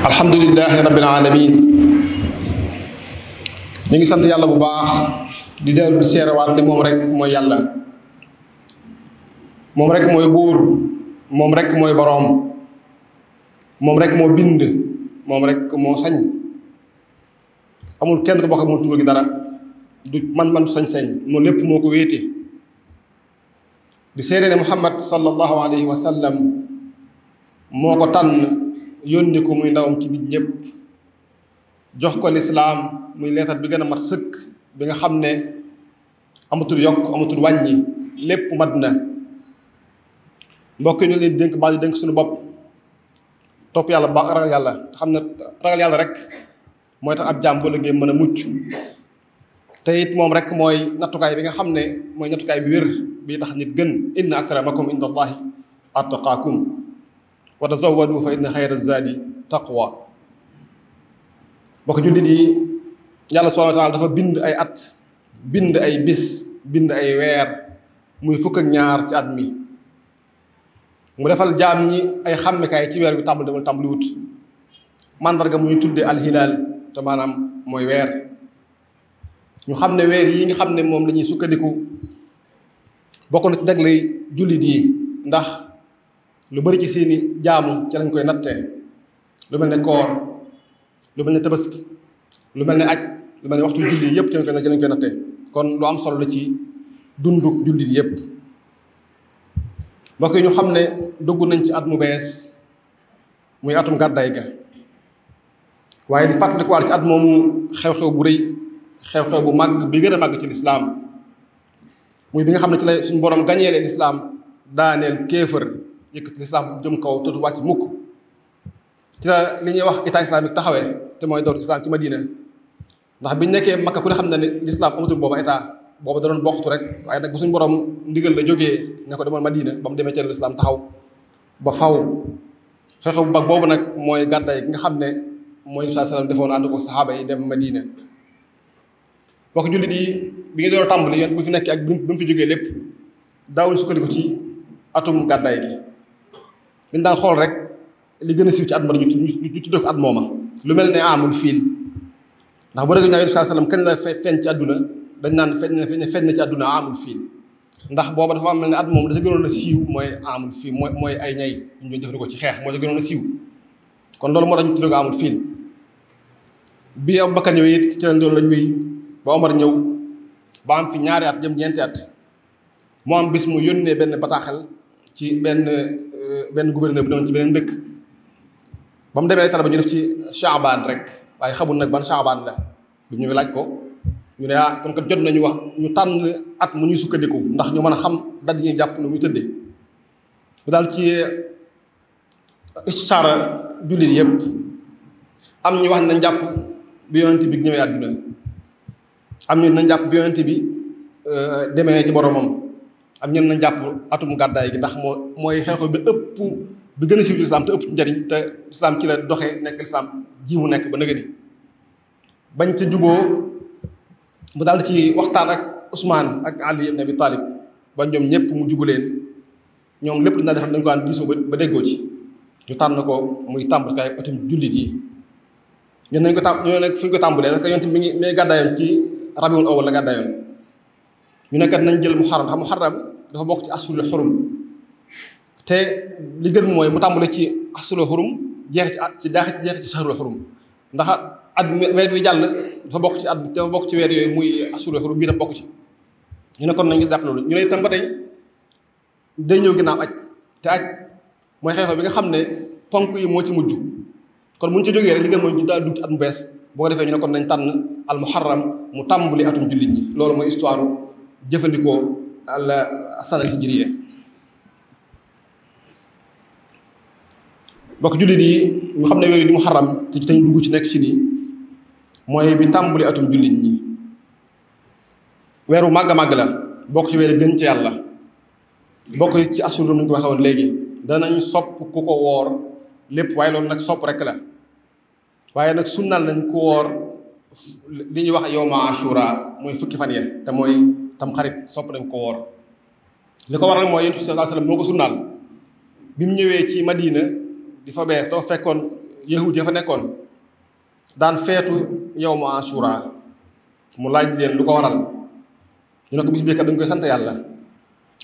الحمد لله رب العالمين نيغي سانت يالا بو باخ دي دال بي سيرا وات دي موم ريك موي يالا موم ريك موي بور موم ريك موي بروم موم ريك مو بيند موم ريك مو ساج امول كين دو بوخ امول تورغي دارا دو مان مان ساج ساج مو ليپ موكو ويتي دي سيرا محمد صلى الله عليه وسلم moko tan yónni ko muy ndawam ci nit ñëpp jox ko lislaam muy leetar bi gën a mat sëkk bi nga xam ne amatul yokk amatul wàññi lépp mat na mbokk ñu leen dénk baa di dénk suñu bopp topp yàlla ba ragal yàlla xam ne ragal yàlla rek mooy tax ab jaam bu liggéey mën a mucc te it moom rek mooy nattukaay bi nga xam ne mooy nattukaay bi wér bi tax nit gën inna akramakum inda allahi attaqaakum wa tazawwadu fa inna xayra zaadi taqwa bokk jullit yi yàlla subhaanahu wa taala dafa bind ay at bind ay bis bind ay weer muy fukk ak ñaar ci at mi mu defal jaam ñi ay xàmmekaay ci weer bi tàmbali demul tàmbali wut màndarga mu ñu tuddee alxilaal te maanaam mooy weer ñu xam ne weer yi nga xam ne moom lañuy ñuy sukkandiku bokk na ci jagley jullit yi ndax lu bari ci seeni jaamu ci lañ koy nattee lu mel ne koor lu mel ne tabaski lu mel ne aj lu mel ne waxtu yëpp ci lañ koy ci lañ koy nattee kon lu am solo la ci dunduk jullit yëpp mbokk yi ñu xam ne dugg nañ ci at mu bees muy atum gàddaay ga waaye di fàttalikuwaat ci at moomu xew-xew bu rëy xew-xew bu màgg bi gën a màgg ci lislaam muy bi nga xam ne ci la suñu borom gañeele lislaam daaneel kéefër yëkkati lislaam jëm kaw te du wàcc mukk ci la li ñuy wax état islamique taxawee te mooy doon islam ci Madina ndax biñ nekkee Makka ku ne xam na ne lislaam amatul booba état booba da doon boxtu rek waaye nag bu suñ borom ndigal la jógee ne ko demoon Madina ba mu demee ci lislaam ba faw xew-xew bu nag mooy gàddaay gi nga xam ne mooy Musaa salaam defoon ànd ko saxaaba yi dem Madina bokk jullit yi bi nga door a tàmbali fi nekkee ak bi mu fi jógee lépp daawuñu sukkandiku ci atum gàddaay gi dañ dal xol rek li gëna a ci at ma ñu ñu ci ko at moma lu melni amul fil ndax bu dëgg ñaa yéen sallam kañ la feñ ci aduna dañ nan feñ na feñ na ci aduna amul fil ndax booba dafa melni ne mom dafa gënon na siiw moy amul fil moy moy ay ñay ñu doon ko ci xex moo ci gënoon a siiw kon loolu mo dañ ci tuddee amul fil bi bakkan ñëw it ci lañ doon lañ wéy ba Omar ñëw ba am fi ñaari at jëm ñeenti at mo am bis mu yonne benn bataaxal ci benn benn gouverneur bi doon ci beneen dëkk ba mu demee lettre ba ñu def ci Chaabaan rek waaye xamul nag ban Chaabaan la bi ñu laaj ko ñu ne ah kon kat jot nañu wax ñu tànn at mu ñuy sukkandiku ndax ñu mën a xam dal ñuy jàpp lu muy tëddee bu daal ci ishaara euh, jullit yëpp am ñu wax nañ jàpp bi yonent bi ñëwee àdduna am ñu nañ jàpp bi yonent bi euh, demee ci boromam am ñenn nañ jàpp atum gàddaay gi ndax moo mooy xew-xew bi ëpp bi gën a siiw ci lislaam te ëpp ci njariñ te lislaam ci la doxee nekk lislaam ji mu nekk ba nëgë bañ ci juboo mu daal ci waxtaan ak Ousmane ak Ali ibn bi Talib ba ñoom ñëpp mu jubu leen ñoom lépp dina defal dañ ko daan diisoo ba déggoo ci ñu tànn ko muy tàmbalikaay atum jullit yi ñun nañ ko tàmb ñoo nekk fu ñu ko tàmbalee parce que yonent mi ngi may gàddaayoon ci rabiul awal la gàddaayoon ñu ne kat nañ jël muharram ndax muharram dafa bokk ci asulul xurum te li gën mooy mu tàmbale ci asulul xurum jeex ci at ci daax jeex ci saxarul xurum ndax at weer wi jàll dafa bokk ci at dafa bokk ci weer yooyu muy asulul xurum bii dafa bokk ci ñu ne nañ jàpp loolu ñu ne ba tey day ñëw ginnaaw aj te aj mooy xew bi nga xam ne ponk yi moo ci mujj kon muñ ci jógee rek li gën mooy ñu daal ci at mu bees boo ko defee ñu ne kon nañ tànn al muharram mu tàmbali atum jullit yi loolu mooy histoire jëfandikoo àlla asana hijriya bokk jullit yi ñu xam ne weer yi di muharram te ci tañ dugg ci nekk ci nii mooy bi tàmbali atum jullit ñi weeru màgg màgg la bokk ci weer gën ci yàlla bokk ci assurum ñu ko waxee woon léegi danañ sopp ku ko woor lépp waaye loolu nag sopp rek la waaye nag sunnal nañ ku woor li ñuy wax yow ma ashura mooy fukki fan ya te mooy tam xarit sopp nañ ko wor li ko waral moy yentou sallallahu alayhi wasallam moo ko sunnaal bi ci madina di fa bes do fekkon yahud ya fa nekkon daan fetu yow ashura mu laaj leen lu ko waral ñu nak bisbe ka dañ koy sante yalla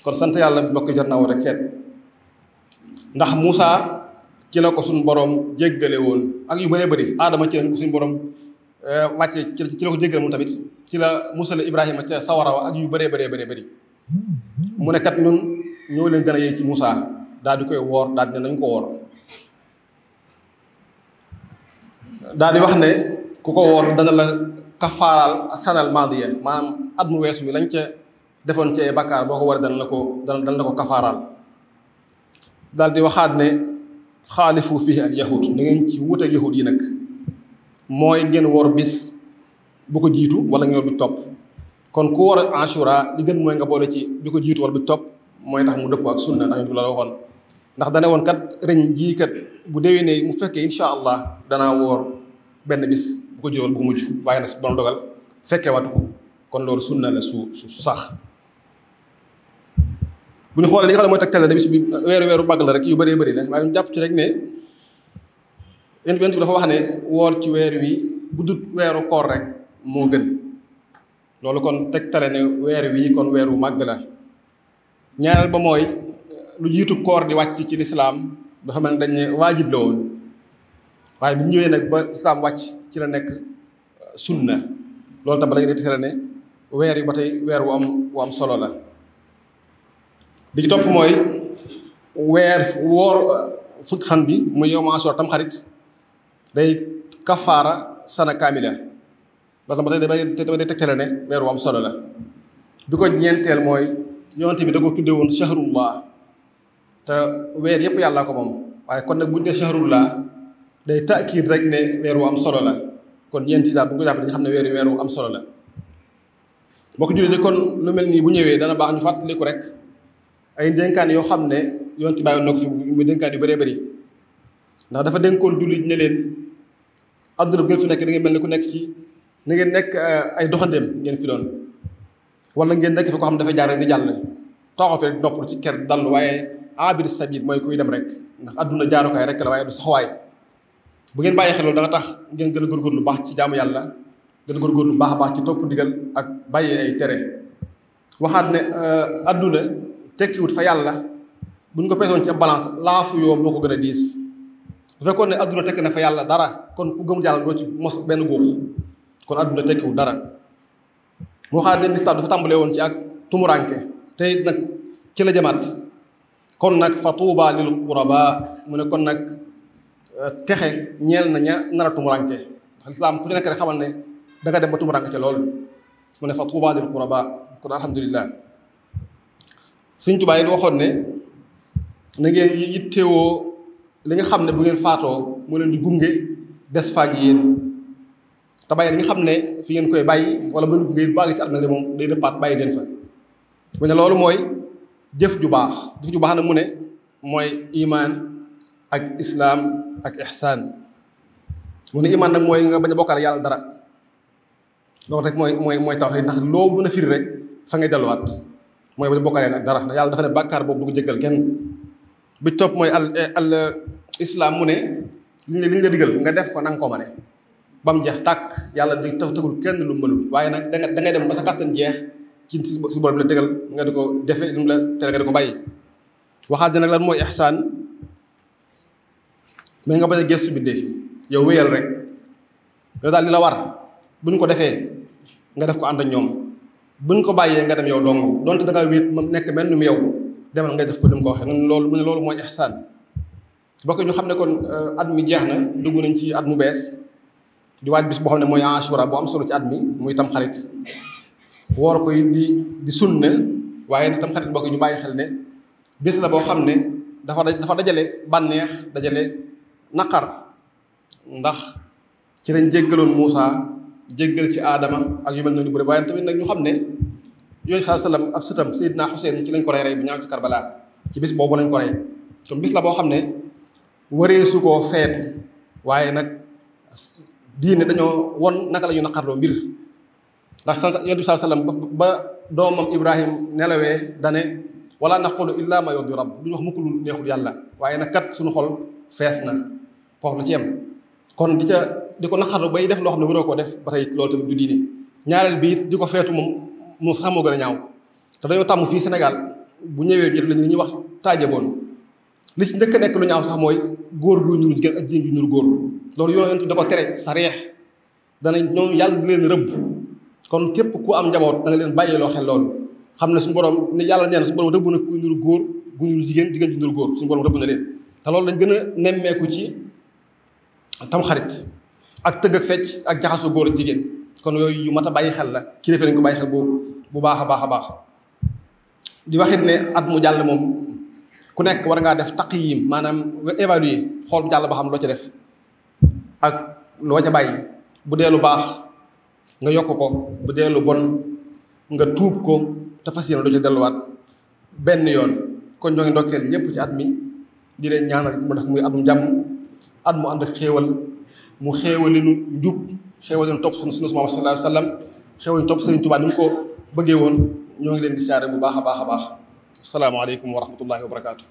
kon sante yalla bi bokk jar rek fet ndax musa ci la ko borom jéggalé won ak yu bëree bëri adama ci lañ ko sun borom Euh, wàccee ci la ko jéggal moom tamit ci la musal Ibrahima ca sawara ak yu bëree bëree bëree bëri mu ne kat ñun ñoo leen gën a yey ci Moussa daal di koy woor daal di ne nañ ko woor daal di wax ne ku ko woor dana la kafaaral maanaam at mu weesu mi lañ ca defoon ci ay boo ko war dana la ko dana dana la ko kafaaraal daal di waxaat ne xaalifu fii al yahud na ngeen ci wuuteeg yahud yi nag mooy ngeen woor bis bu ko jiitu wala ngeen woor bi topp kon ku woor ashura li gën mooy nga boole ci bi ko jiitu wala bi topp mooy tax mu dëppoo ak sunna ndax ñu waxoon ndax dane woon kat reñ jii kat bu déwénee mu fekkee incha allah danaa woor benn bis bu ko jiitu wala waaye nag bon dogal fekkee watu kon loolu sunna la su su sax bu ñu xoolee li nga xam ne mooy tegtal la bis bi weeru weeru màgg la rek yu bëree bëri la waaye ñu jàpp ci rek ne yonent bi dafa wax ne woor ci weer wi bu dut weeru koor rek moo gën loolu kon tegtale ne weer wi kon weer wu màgg la ñaareel ba mooy lu jiitu koor di wàcc ci lislaam dafa mel ne dañ ne waajib la woon waaye bu ñëwee nag ba lislaam wàcc ci la nekk euh, sunna loolu tam ba léegi day tegtale ne weer yi ba tey weer wu am wu am solo la bi ci topp mooy weer woor euh, fukki fan bi muy yow maa soor tam xarit day kafaara sana kaamila loolu tamit day day tegtale ne weer wu am solo la bi ko ñeenteel mooy yonent bi da ko tuddee woon shahrullah te weer yëpp yàllaa ko moom waaye kon nag bu ñu ne shahrullah day taakiid rek ne weer wu am solo la kon ñeenti daal bu ñu ko xam ne weer weer wu am solo la. boo ko jullee kon lu mel nii bu ñëwee dana baax ñu fàttaliku rek ay dénkaan yoo xam ne yonent bàyyi woon na ko bu muy dénkaan yu bëree bëri. ndax dafa dénkoon jullit ne leen àdduna bu ngeen fi nekk da ngeen mel ni ku nekk ci na ngeen nekk eh, ay doxandeem ngeen fi doon wala ngeen nekk fi ko xam ne dafa jaar rek di jàll toxo fi rek noppalu ci ker dal waaye abir sabir mooy kuy dem rek ndax àdduna jaarukaay rek la waaye du saxawaay bu ngeen bàyyi xel danga tax ngeen gën a góorgóorlu baax ci jaamu yàlla gën a góorgóorlu baax a baax ci topp ndigal ak bàyyi ay tere waxaat ne eh, àdduna tekkiwut fa yàlla buñ ko peesoon ci balance laafu yoo moo ko gën a diis bu fekkoon ne adduna tekk na fa yàlla dara kon ku gëmul yàlla doo ci mos benn góox kon adduna tekkiwul dara moo xam ne lislaam dafa tàmbalee woon ci ak tumuranke te it nag ci la jamaat kon nag fa tuuba lil quraba mu ne kon nag texe ñeel na ña nar a tumuranke ndax lislaam ku ci nekk rek xamal ne da nga dem ba tumuranke ci loolu mu ne fa tuuba lil quraba kon alhamdulillah suñ tubaay it waxoon ne na ngeen yittewoo li nga xam ne bu ngeen faatoo mu leen di gunge des faak yéen te bàyyi li nga xam ne fi ngeen koy bàyyi wala bu leen gunge bu àgg ci àdduna moom day dëppaat bàyyi leen fa mu ne loolu mooy jëf ju baax ju baax na mu ne mooy imaan ak islaam ak ihsaan mu ne imaan nag mooy nga bañ a bokkaale yàlla dara loolu rek mooy mooy mooy tawxiid ndax loo mën a firi rek fa ngay delluwaat mooy bañ a bokkaale ak dara ndax yàlla dafa ne bàkkaar boobu du ko kenn bi topp mooy al eh, eh, islaam mu ne liñ la liñ la digal nga def ko na nga ko ba mu jeex tàkk yàlla di taw tëgul kenn lu mënul waaye nag danga dangay dem ba sa kàttan jeex ci su borom la dëgal nga di ko defee lu mu la tere nga di ko bàyyi waxaat nag lan mooy ihsaan mais nga ba a gëstu bi dee fi yow wéyal rek yow daal li la war bu ñu ko defee nga def ko ànd ñoom bu ñu ko bàyyee nga dem yow dong donte da nga wéet man nekk mel ni mu yow demal ngay def ko ni mu ko loolu mu ne loolu mooy ihsaan bokk ñu xam ne kon euh, at mi jeex na dugg nañ ci at mu bees di waaj bis boo xam ne mooy ashura bu am solo ci at mi muy tam xarit woor ko it di di sunna waaye tam xarit mbokk ñu bàyyi xel ne bis la boo xam ne dafa dafa dajale bànneex dajale naqar ndax ci lañ jéggaloon Moussa jéggal ci Adama ak yu mel noonu bëri waaye tamit nag ñu xam ne yooyu saa sallam ab sëtam Seydina Xuseen ci lañ ko rey rey bu ñaaw ci Karbala ci bis boobu lañ ko rey kon bis la boo xam ne wareesu koo feetu waaye nag diine dañoo won naka la ñu naqarloo mbir ndax sa yonent bi saa ba doomam Ibrahim nelawee dane wala naqulu illa ma yoddi rabb duñu wax mukk lu neexul yàlla waaye nak kat suñu xol fees na foofu la ci yem kon di ca di ko naqarlu bay def loo xam ne waroo koo def ba tey loolu tamit du diine ñaareel bii di ko feetu moom moom sax moo gën a ñaaw te dañoo tàmm fii Sénégal bu ñëwee ñu def li ñuy wax taajaboon li ci ndëkk nekk lu ñaaw sax mooy góor gu ñuul jigéen ak jigéen ju ñuul góor loolu yoonent da ko tere sa ñoom yàlla di leen rëbb kon képp ku am njaboot da nga leen bàyyiloo xel loolu xam ne suñu borom ne yàlla neen suñu borom rëbb na ku ñuul góor gu ñuul jigéen jigéen ju ñuul góor suñu borom rëbb na leen te loolu lañ gën a nemmeeku ci tam xarit ak tëgg ak fecc ak jaxasu góor jigéen kon yooyu yu mat a bàyyi xel la kilifa nañ ko bàyyi xel bu bu baax a baax a baax di waxit ne at mu jàll moom ku nekk war ngaa def taqyim maanaam évaluer xool jàll ba xam loo ci def ak loo ca bàyyi bu dee lu baax nga yokk ko bu dee lu bon nga tuub ko te fas yéene du ci delluwaat benn yoon kon ñoo ngi ndokkeel ñëpp ci at mi di leen ñaanal mu def muy atum jàmm at mu ànd xéewal mu xéewalinu njub xéewal leen topp sunu sunu moom sallallahu alayhi wa sallam xéewal leen topp Sëriñ Tuubaa ni mu ko bëggee woon ñoo ngi leen di siyaare bu baax a baax a baax asalaamaaleykum wa rahmatullahi wa barakaatu.